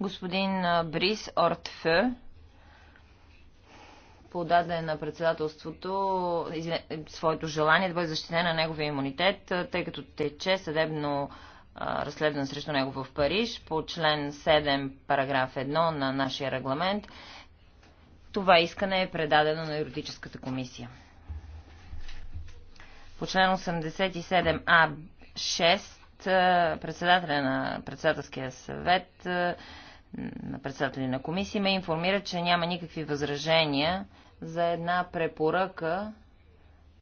Господин Брис Ортфе подаде на председателството своето желание да бъде защитена неговия имунитет, тъй като тече съдебно разследван срещу него в Париж по член 7, параграф 1 на нашия регламент. Това искане е предадено на юридическата комисия. По член 87А6 председателя на председателския съвет на председатели на комисия ме информира, че няма никакви възражения за една препоръка